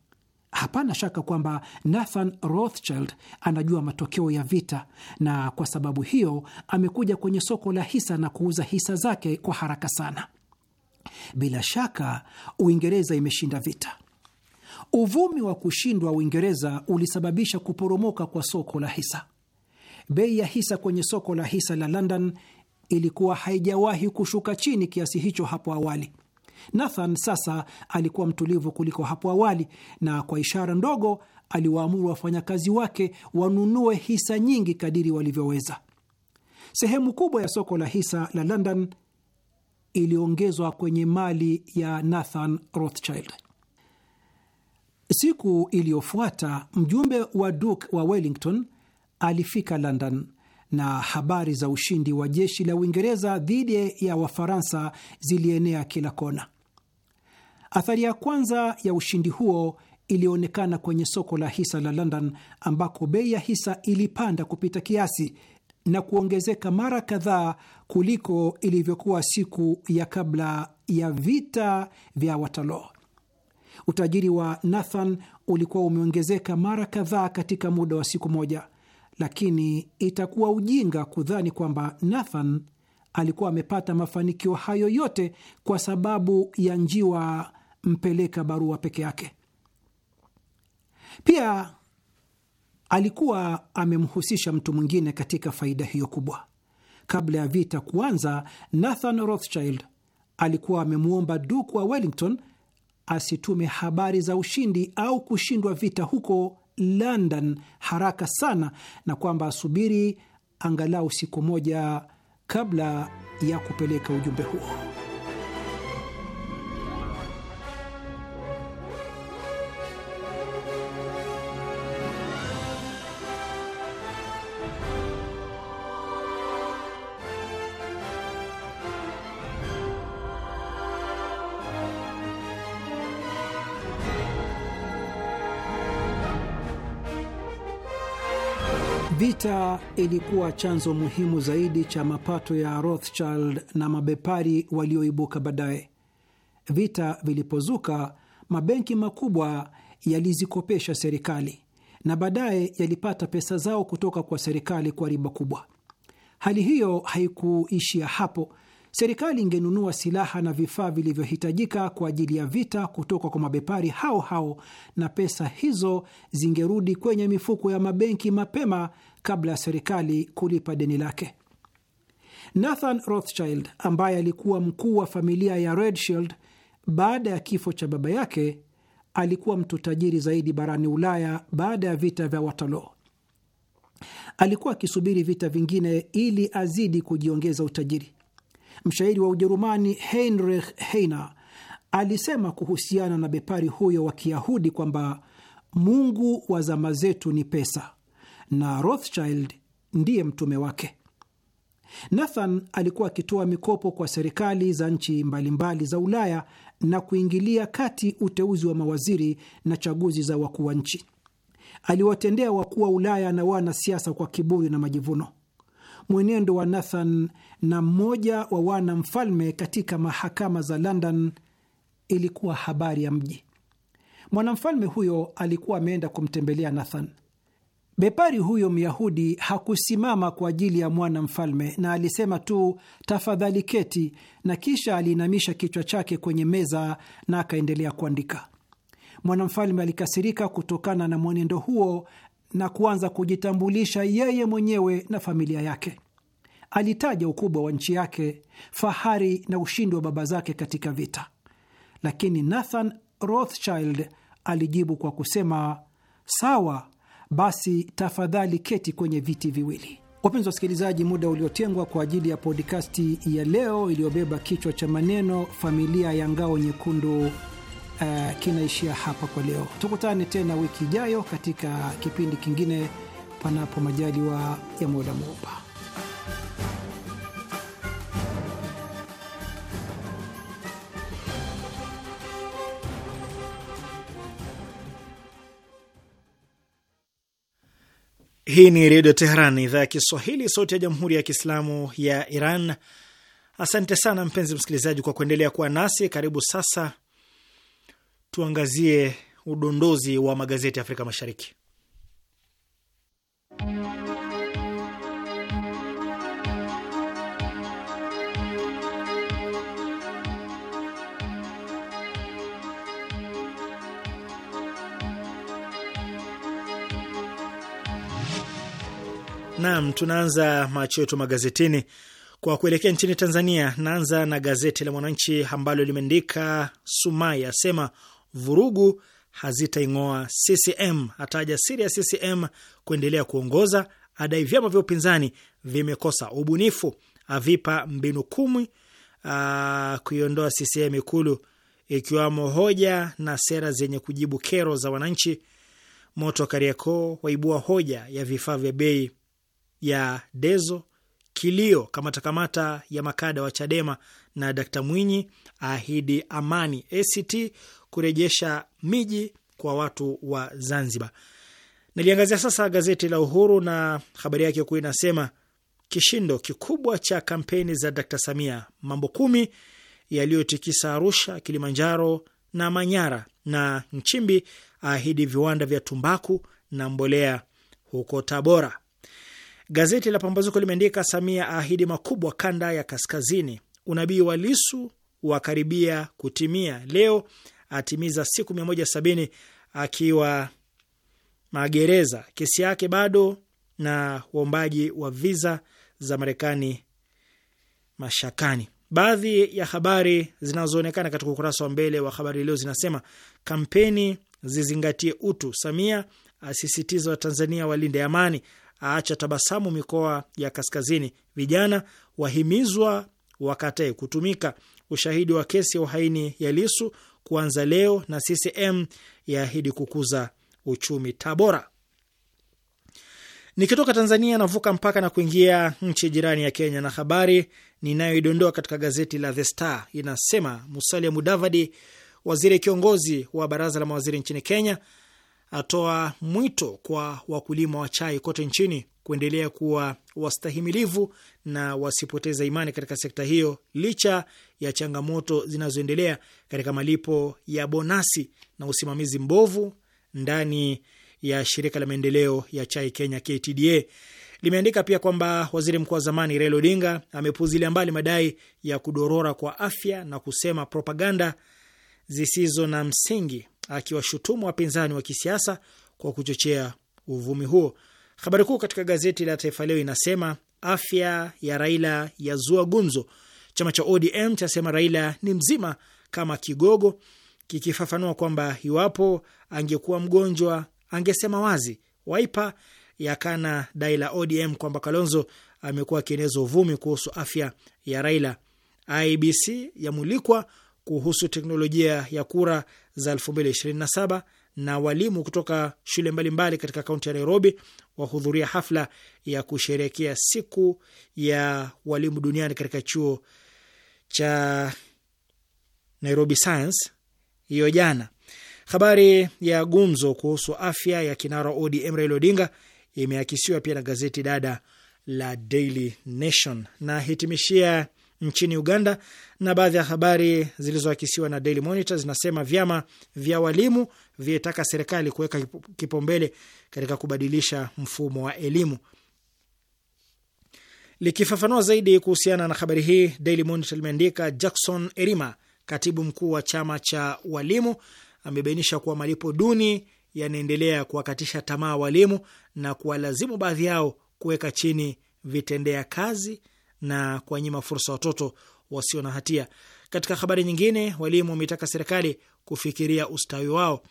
hapana shaka kwamba Nathan Rothschild anajua matokeo ya vita, na kwa sababu hiyo amekuja kwenye soko la hisa na kuuza hisa zake kwa haraka sana. Bila shaka Uingereza imeshinda vita. Uvumi wa kushindwa Uingereza ulisababisha kuporomoka kwa soko la hisa. Bei ya hisa kwenye soko la hisa la London ilikuwa haijawahi kushuka chini kiasi hicho hapo awali. Nathan sasa alikuwa mtulivu kuliko hapo awali, na kwa ishara ndogo aliwaamuru wafanyakazi wake wanunue hisa nyingi kadiri walivyoweza. Sehemu kubwa ya soko la hisa la London iliongezwa kwenye mali ya Nathan Rothschild. Siku iliyofuata mjumbe wa Duke wa Wellington alifika London na habari za ushindi wa jeshi la Uingereza dhidi ya Wafaransa zilienea kila kona. Athari ya kwanza ya ushindi huo ilionekana kwenye soko la hisa la London ambako bei ya hisa ilipanda kupita kiasi na kuongezeka mara kadhaa kuliko ilivyokuwa siku ya kabla ya vita vya Waterloo. Utajiri wa Nathan ulikuwa umeongezeka mara kadhaa katika muda wa siku moja lakini itakuwa ujinga kudhani kwamba Nathan alikuwa amepata mafanikio hayo yote kwa sababu ya njiwa mpeleka barua peke yake. Pia alikuwa amemhusisha mtu mwingine katika faida hiyo kubwa. Kabla ya vita kuanza, Nathan Rothschild alikuwa amemwomba duku wa Wellington asitume habari za ushindi au kushindwa vita huko London haraka sana na kwamba asubiri angalau siku moja kabla ya kupeleka ujumbe huo. Vita ilikuwa chanzo muhimu zaidi cha mapato ya Rothschild na mabepari walioibuka baadaye. Vita vilipozuka, mabenki makubwa yalizikopesha serikali na baadaye yalipata pesa zao kutoka kwa serikali kwa riba kubwa. Hali hiyo haikuishia hapo, serikali ingenunua silaha na vifaa vilivyohitajika kwa ajili ya vita kutoka kwa mabepari hao hao, na pesa hizo zingerudi kwenye mifuko ya mabenki mapema kabla ya serikali kulipa deni lake. Nathan Rothschild ambaye alikuwa mkuu wa familia ya Rothschild baada ya kifo cha baba yake alikuwa mtu tajiri zaidi barani Ulaya baada ya vita vya Waterloo. Alikuwa akisubiri vita vingine ili azidi kujiongeza utajiri. Mshairi wa Ujerumani Heinrich Heine alisema kuhusiana na bepari huyo wa Kiyahudi kwamba Mungu wa zama zetu ni pesa na Rothschild ndiye mtume wake. Nathan alikuwa akitoa mikopo kwa serikali za nchi mbalimbali za Ulaya na kuingilia kati uteuzi wa mawaziri na chaguzi za wakuu wa nchi. Aliwatendea wakuu wa Ulaya na wanasiasa kwa kiburi na majivuno. Mwenendo wa Nathan na mmoja wa wana mfalme katika mahakama za London ilikuwa habari ya mji. Mwanamfalme huyo alikuwa ameenda kumtembelea Nathan. Bepari huyo Myahudi hakusimama kwa ajili ya mwanamfalme na alisema tu, tafadhali keti, na kisha aliinamisha kichwa chake kwenye meza na akaendelea kuandika. Mwanamfalme alikasirika kutokana na mwenendo huo na kuanza kujitambulisha yeye mwenyewe na familia yake. Alitaja ukubwa wa nchi yake, fahari na ushindi wa baba zake katika vita, lakini Nathan Rothschild alijibu kwa kusema, sawa basi, tafadhali keti kwenye viti viwili. Wapenzi wasikilizaji, muda uliotengwa kwa ajili ya podkasti ya leo iliyobeba kichwa cha maneno familia ya ngao nyekundu Uh, kinaishia hapa kwa leo. Tukutane tena wiki ijayo katika kipindi kingine, panapo majaliwa ya Mola Muumba. Hii ni Redio Teheran, idhaa ya Kiswahili, sauti ya Jamhuri ya Kiislamu ya Iran. Asante sana mpenzi msikilizaji kwa kuendelea kuwa nasi. Karibu sasa tuangazie udondozi wa magazeti ya Afrika Mashariki. Naam, tunaanza macho yetu magazetini kwa kuelekea nchini Tanzania. Naanza na gazeti la Mwananchi ambalo limeandika Sumai asema vurugu hazitaing'oa CCM, ataja siri ya CCM kuendelea kuongoza, adai vyama vya upinzani vimekosa ubunifu, avipa mbinu kumi ah, kuiondoa CCM Ikulu, ikiwamo hoja na sera zenye kujibu kero za wananchi. Moto Kariakoo waibua hoja ya vifaa vya bei ya Dezo, kilio kamatakamata ya makada wa Chadema na Dkt Mwinyi ahidi amani, ACT kurejesha miji kwa watu wa Zanzibar. Naliangazia sasa gazeti la Uhuru na habari yake kuu inasema kishindo kikubwa cha kampeni za Dkt Samia, mambo kumi yaliyotikisa Arusha, Kilimanjaro na Manyara, na Nchimbi ahidi viwanda vya tumbaku na mbolea huko Tabora. Gazeti la Pambazuko limeandika Samia ahidi makubwa kanda ya kaskazini, unabii wa Lisu wakaribia kutimia, leo atimiza siku mia moja sabini akiwa magereza, kesi yake bado, na uombaji wa viza za Marekani mashakani. Baadhi ya habari zinazoonekana katika ukurasa wa mbele wa Habari Leo zinasema kampeni zizingatie utu, Samia asisitiza Watanzania walinde amani, aacha tabasamu mikoa ya kaskazini, vijana wahimizwa wakatae kutumika, ushahidi wa kesi ya uhaini ya Lisu kuanza leo, na CCM yaahidi kukuza uchumi Tabora. Nikitoka Tanzania navuka mpaka na kuingia nchi jirani ya Kenya, na habari ninayoidondoa katika gazeti la The Star inasema Musalia Mudavadi, waziri kiongozi wa baraza la mawaziri nchini Kenya, atoa mwito kwa wakulima wa chai kote nchini kuendelea kuwa wastahimilivu na wasipoteza imani katika sekta hiyo licha ya changamoto zinazoendelea katika malipo ya bonasi na usimamizi mbovu ndani ya shirika la maendeleo ya chai Kenya KTDA. Limeandika pia kwamba waziri mkuu wa zamani Raila Odinga amepuzilia mbali madai ya kudorora kwa afya na kusema propaganda zisizo na msingi akiwashutumu wapinzani wa kisiasa kwa kuchochea uvumi huo. Habari kuu katika gazeti la Taifa Leo inasema afya ya Raila yazua gumzo, chama cha ODM chasema Raila ni mzima kama kigogo, kikifafanua kwamba iwapo angekuwa mgonjwa angesema wazi. Waipa yakana dai la ODM kwamba Kalonzo amekuwa akieneza uvumi kuhusu afya ya Raila. IBC yamulikwa kuhusu teknolojia ya kura za 2027 na walimu kutoka shule mbalimbali katika kaunti ya Nairobi wahudhuria hafla ya kusherehekea siku ya walimu duniani katika chuo cha Nairobi Science hiyo jana. Habari ya gumzo kuhusu afya ya kinara ODM Raila Odinga imeakisiwa pia na gazeti dada la Daily Nation na hitimishia nchini Uganda, na baadhi ya habari zilizoakisiwa na Daily Monitor zinasema vyama vya walimu vietaka serikali kuweka kipaumbele katika kubadilisha mfumo wa elimu. Likifafanua zaidi kuhusiana na habari hii, Daily Monitor limeandika Jackson Erima, katibu mkuu wa chama cha walimu, amebainisha kuwa malipo duni yanaendelea kuwakatisha tamaa walimu na kuwalazimu baadhi yao kuweka chini vitendea kazi na kuwanyima fursa watoto wasio na hatia. Katika habari nyingine, walimu wameitaka serikali kufikiria ustawi wao.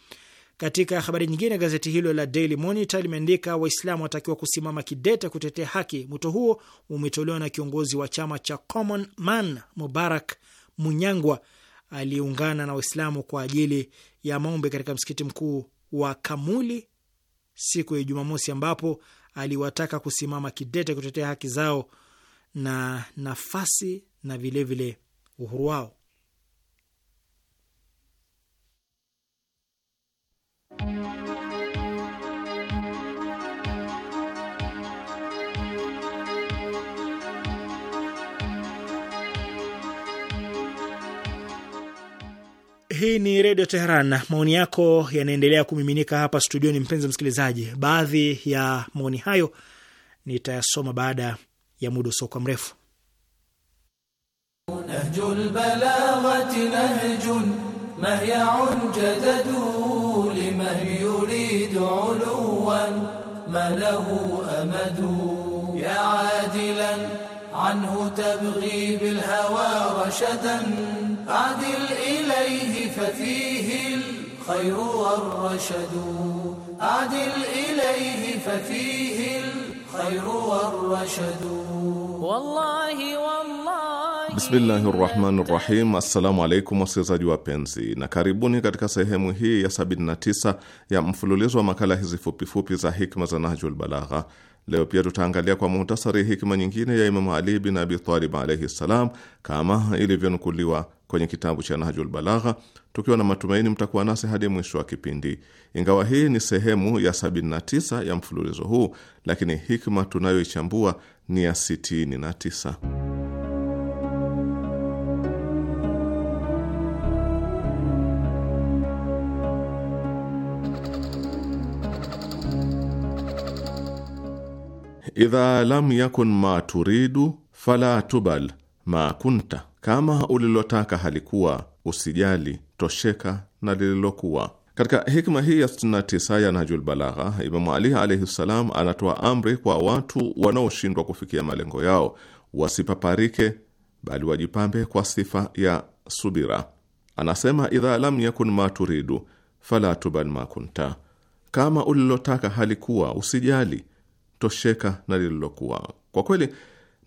Katika habari nyingine, gazeti hilo la Daily Monitor limeandika Waislamu watakiwa kusimama kidete kutetea haki. Mwito huo umetolewa na kiongozi wa chama cha Common Man Mubarak Munyangwa aliungana na Waislamu kwa ajili ya maombi katika msikiti mkuu wa Kamuli siku ya Jumamosi, ambapo aliwataka kusimama kidete kutetea haki zao na nafasi na vilevile vile uhuru wao. Hii ni Redio Teheran. Maoni yako yanaendelea kumiminika hapa studioni, mpenzi msikilizaji. Baadhi ya maoni hayo nitayasoma baada ya muda usiokuwa mrefu. Adil ilayhi fafihi الخير والرشد والله والله Bismillahi rahmani rahim. Assalamu alaikum wasikilizaji wapenzi, na karibuni katika sehemu hii ya 79 ya mfululizo wa makala hizi fupifupi za hikma za Nahjul Balagha. Leo pia tutaangalia kwa muhtasari hikma nyingine ya Imamu Ali bin Abi Talib alaihi ssalam, kama ilivyonukuliwa kwenye kitabu cha Nahjul Balagha, tukiwa na matumaini mtakuwa nasi hadi mwisho wa kipindi. Ingawa hii ni sehemu ya 79 ya mfululizo huu, lakini hikma tunayoichambua ni ya 69. Idha lam yakun ma turidu fala tubal ma kunta kama ulilotaka halikuwa, usijali, tosheka na lililokuwa. Katika hikma hii ya 69 ya Nahjul Balagha, Imamu Ali alaihi ssalam anatoa amri kwa watu wanaoshindwa kufikia malengo yao wasipaparike, bali wajipambe kwa sifa ya subira. Anasema, idha lam yakun ma turidu fala tuban ma kunta, kama ulilotaka halikuwa, usijali, tosheka na lililokuwa. Kwa kweli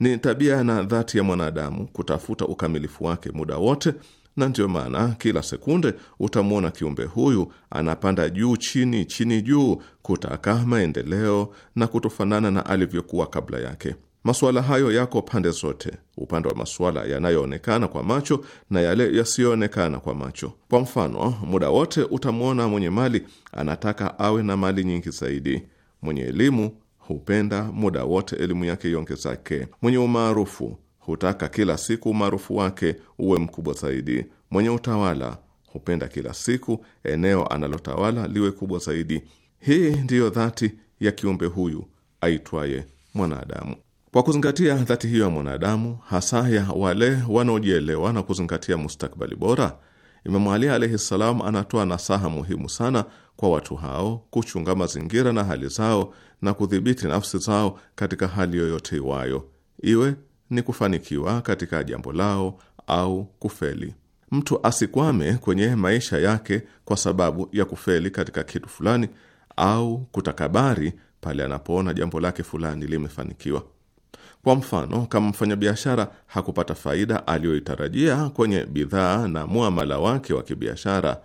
ni tabia na dhati ya mwanadamu kutafuta ukamilifu wake muda wote, na ndiyo maana kila sekunde utamwona kiumbe huyu anapanda juu chini, chini juu, kutaka maendeleo na kutofanana na alivyokuwa kabla yake. Masuala hayo yako pande zote, upande wa masuala yanayoonekana kwa macho na yale yasiyoonekana kwa macho. Kwa mfano, muda wote utamwona mwenye mali anataka awe na mali nyingi zaidi, mwenye elimu hupenda muda wote elimu yake iongezake. Mwenye umaarufu hutaka kila siku umaarufu wake uwe mkubwa zaidi. Mwenye utawala hupenda kila siku eneo analotawala liwe kubwa zaidi. Hii ndiyo dhati ya kiumbe huyu aitwaye mwanadamu. Kwa kuzingatia dhati hiyo ya mwanadamu, hasa ya wale wanaojielewa na kuzingatia mustakbali bora, Imamu Ali alaihi ssalam anatoa nasaha muhimu sana kwa watu hao kuchunga mazingira na hali zao na kudhibiti nafsi zao katika hali yoyote iwayo, iwe ni kufanikiwa katika jambo lao au kufeli. Mtu asikwame kwenye maisha yake kwa sababu ya kufeli katika kitu fulani au kutakabari pale anapoona jambo lake fulani limefanikiwa. Kwa mfano, kama mfanyabiashara hakupata faida aliyoitarajia kwenye bidhaa na muamala wake wa kibiashara,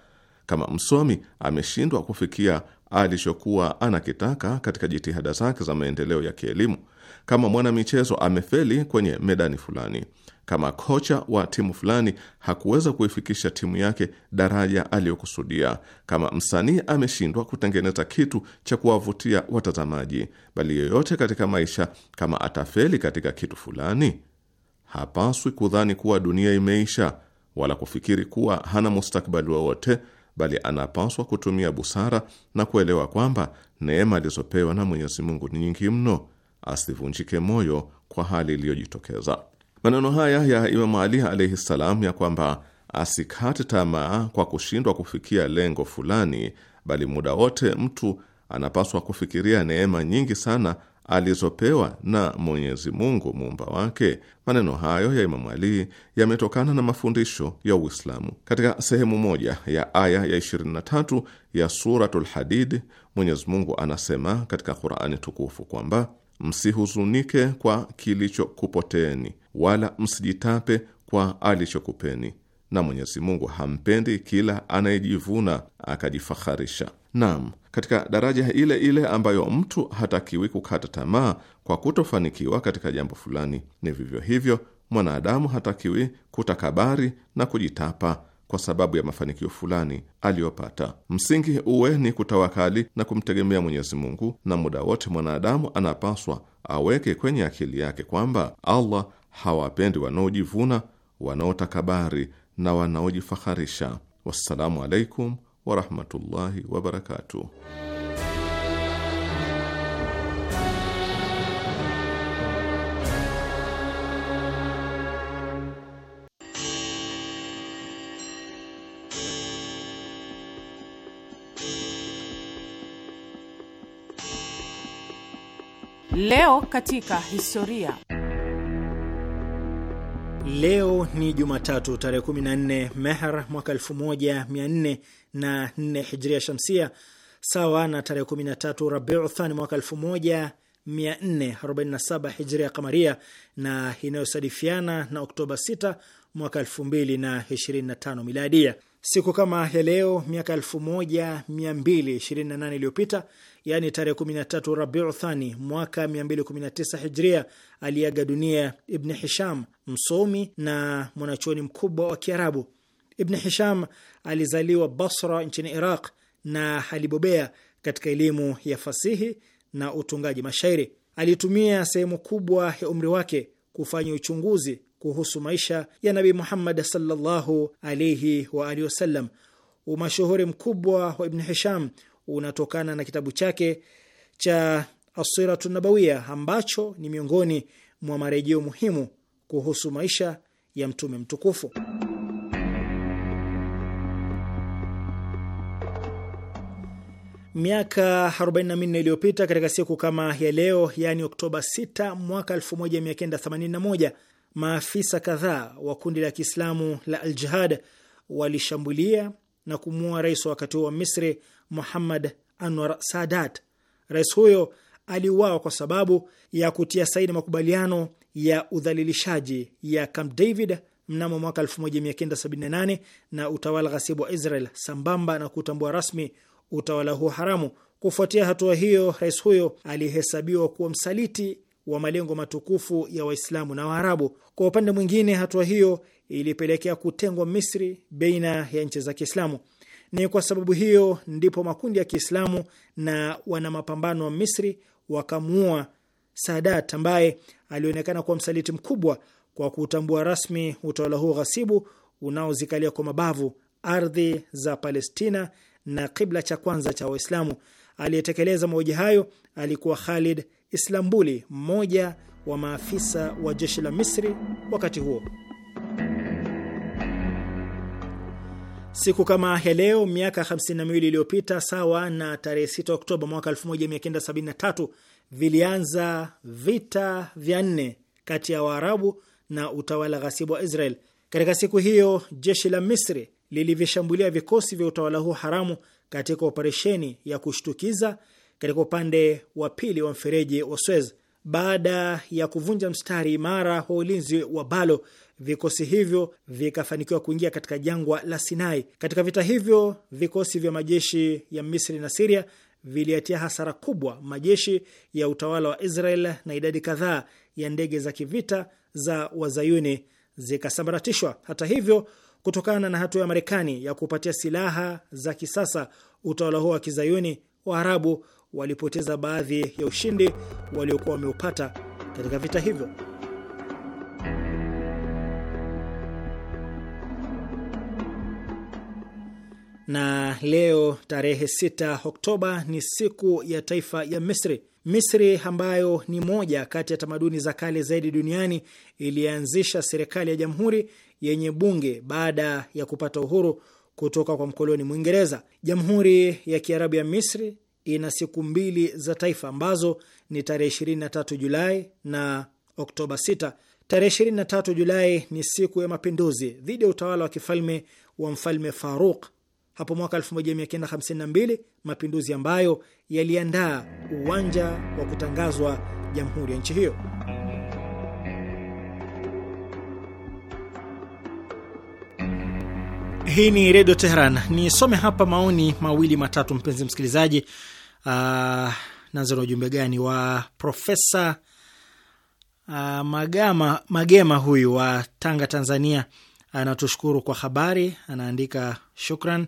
kama msomi ameshindwa kufikia alichokuwa anakitaka katika jitihada zake za maendeleo ya kielimu. Kama mwanamichezo amefeli kwenye medani fulani, kama kocha wa timu fulani hakuweza kuifikisha timu yake daraja aliyokusudia, kama msanii ameshindwa kutengeneza kitu cha kuwavutia watazamaji, bali yoyote katika maisha, kama atafeli katika kitu fulani, hapaswi kudhani kuwa dunia imeisha wala kufikiri kuwa hana mustakabali wowote wa bali anapaswa kutumia busara na kuelewa kwamba neema alizopewa na Mwenyezi Mungu ni nyingi mno, asivunjike moyo kwa hali iliyojitokeza. Maneno haya ya Imamu Ali alaihi ssalam ya kwamba asikate tamaa kwa kushindwa kufikia lengo fulani, bali muda wote mtu anapaswa kufikiria neema nyingi sana alizopewa na Mwenyezi Mungu muumba wake. Maneno hayo ya Imamu Ali yametokana na mafundisho ya Uislamu. Katika sehemu moja ya aya ya 23 ya Suratul Hadid, Mwenyezi Mungu anasema katika Qur'ani tukufu kwamba msihuzunike kwa kilichokupoteeni wala msijitape kwa alichokupeni, na Mwenyezi Mungu hampendi kila anayejivuna akajifaharisha. Naam, katika daraja ile ile ambayo mtu hatakiwi kukata tamaa kwa kutofanikiwa katika jambo fulani, ni vivyo hivyo mwanadamu hatakiwi kutakabari na kujitapa kwa sababu ya mafanikio fulani aliyopata. Msingi uwe ni kutawakali na kumtegemea Mwenyezi Mungu, na muda wote mwanadamu anapaswa aweke kwenye akili yake kwamba Allah hawapendi wanaojivuna, wanaotakabari na wanaojifaharisha. Wassalamu alaikum warahmatullahi wabarakatuh Leo katika historia. Leo ni Jumatatu tarehe 14 Mehr mwaka 1404 Hijria Shamsia, sawa na tarehe 13 Rabiu Thani mwaka 1447 Hijria Kamaria, na inayosadifiana na Oktoba 6 mwaka 2025 Miladia. Siku kama ya leo miaka 1228 iliyopita, yaani tarehe 13 Rabiu Thani mwaka 219 Hijria, aliaga dunia Ibni Hisham, msomi na mwanachuoni mkubwa wa Kiarabu. Ibni Hisham alizaliwa Basra nchini Iraq na alibobea katika elimu ya fasihi na utungaji mashairi. Alitumia sehemu kubwa ya umri wake kufanya uchunguzi kuhusu maisha ya Nabi Muhammad sallallahu alaihi wa alihi wasallam. Umashuhuri mkubwa wa Ibn Hisham unatokana na kitabu chake cha Asiratu Nabawiya ambacho ni miongoni mwa marejeo muhimu kuhusu maisha ya mtume mtukufu. Miaka 44 iliyopita katika siku kama ya leo, yaani Oktoba 6 mwaka 1981 maafisa kadhaa wa kundi la Kiislamu la Al-Jihad walishambulia na kumuua rais wa wakati huo wa Misri Muhammad Anwar Sadat. Rais huyo aliuawa kwa sababu ya kutia saini makubaliano ya udhalilishaji ya Camp David mnamo mwaka 1978 na utawala ghasibu wa Israel sambamba na kutambua rasmi utawala huo haramu. Kufuatia hatua hiyo, rais huyo alihesabiwa kuwa msaliti wa malengo matukufu ya Waislamu na Waarabu. Kwa upande mwingine, hatua hiyo ilipelekea kutengwa Misri baina ya nchi za Kiislamu. Ni kwa sababu hiyo ndipo makundi ya Kiislamu na wana mapambano wa Misri wakamuua Sadat ambaye alionekana kuwa msaliti mkubwa kwa kutambua rasmi utawala huo ghasibu unaozikalia kwa mabavu ardhi za Palestina na kibla cha kwanza cha Waislamu. Aliyetekeleza mauaji hayo alikuwa Khalid Islambuli, mmoja wa maafisa wa jeshi la Misri wakati huo. Siku kama ya leo miaka 52 iliyopita, sawa na tarehe 6 Oktoba mwaka 1973, vilianza vita vya nne kati ya Waarabu na utawala ghasibu wa Israel. Katika siku hiyo jeshi la Misri lilivishambulia vikosi vya utawala huo haramu katika operesheni ya kushtukiza katika upande wa pili wa mfereji wa Suez. Baada ya kuvunja mstari imara wa ulinzi wa Balo, vikosi hivyo vikafanikiwa kuingia katika jangwa la Sinai. Katika vita hivyo, vikosi vya majeshi ya Misri na Siria viliatia hasara kubwa majeshi ya utawala wa Israel na idadi kadhaa ya ndege za kivita za wazayuni zikasambaratishwa. Hata hivyo, kutokana na hatua ya Marekani ya kupatia silaha za kisasa utawala huo wa kizayuni, Waarabu walipoteza baadhi ya ushindi waliokuwa wameupata katika vita hivyo. Na leo tarehe 6 Oktoba ni siku ya taifa ya Misri. Misri ambayo ni moja kati ya tamaduni za kale zaidi duniani ilianzisha serikali ya jamhuri yenye bunge baada ya kupata uhuru kutoka kwa mkoloni Mwingereza. Jamhuri ya Kiarabu ya Misri ina siku mbili za taifa ambazo ni tarehe 23 Julai na Oktoba 6. Tarehe 23 Julai ni siku ya mapinduzi dhidi ya utawala wa kifalme wa mfalme Faruk hapo mwaka 1952, mapinduzi ambayo yaliandaa uwanja wa kutangazwa jamhuri ya nchi hiyo. Hii ni Redio Teheran. Nisome hapa maoni mawili matatu, mpenzi msikilizaji. Uh, nazo na ujumbe gani wa Profesa uh, Magama Magema, huyu wa Tanga, Tanzania, anatushukuru kwa habari, anaandika shukran.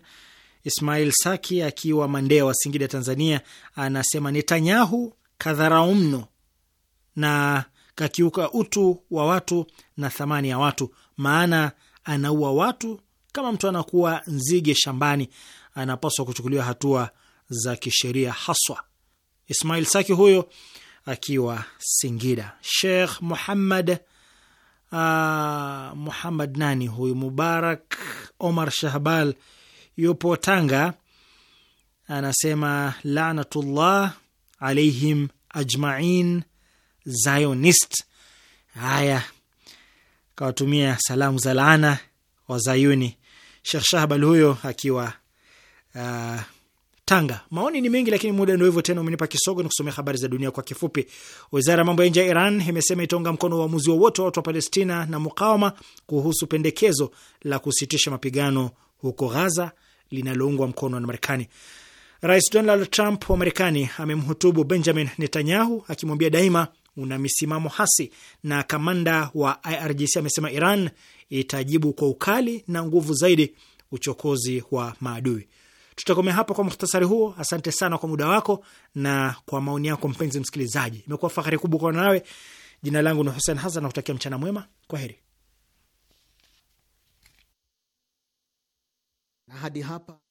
Ismail Saki akiwa Mandea wa Singida, Tanzania, anasema Netanyahu kadharau mno na kakiuka utu wa watu na thamani ya watu, maana anaua watu kama mtu anakuwa nzige shambani, anapaswa kuchukuliwa hatua za kisheria haswa. Ismail Saki huyo akiwa Singida. Sheikh Muhammad uh, Muhammad nani huyu, Mubarak Omar Shahbal yupo Tanga, anasema lanatullah alaihim ajmain Zionist. Haya, kawatumia salamu za laana wazayuni Sheikh Shahbal huyo akiwa uh, Tanga. Maoni ni mengi, lakini muda ndio hivyo tena, umenipa kisogo ni kusomea habari za dunia kwa kifupi. Wizara ya mambo ya nje ya Iran imesema itaunga mkono uamuzi wowote wa watu wa Palestina na mukawama kuhusu pendekezo la kusitisha mapigano huko Ghaza linaloungwa mkono na Marekani. Rais Donald Trump wa Marekani amemhutubu Benjamin Netanyahu akimwambia daima una misimamo hasi, na kamanda wa IRGC amesema Iran itajibu kwa ukali na nguvu zaidi uchokozi wa maadui. Tutakomea hapa kwa muhtasari huo. Asante sana kwa muda wako na kwa maoni yako, mpenzi msikilizaji. Imekuwa fahari kubwa kuwa nawe. Jina langu ni Hussein Hassan na kutakia mchana mwema. Kwa heri na hadi hapa.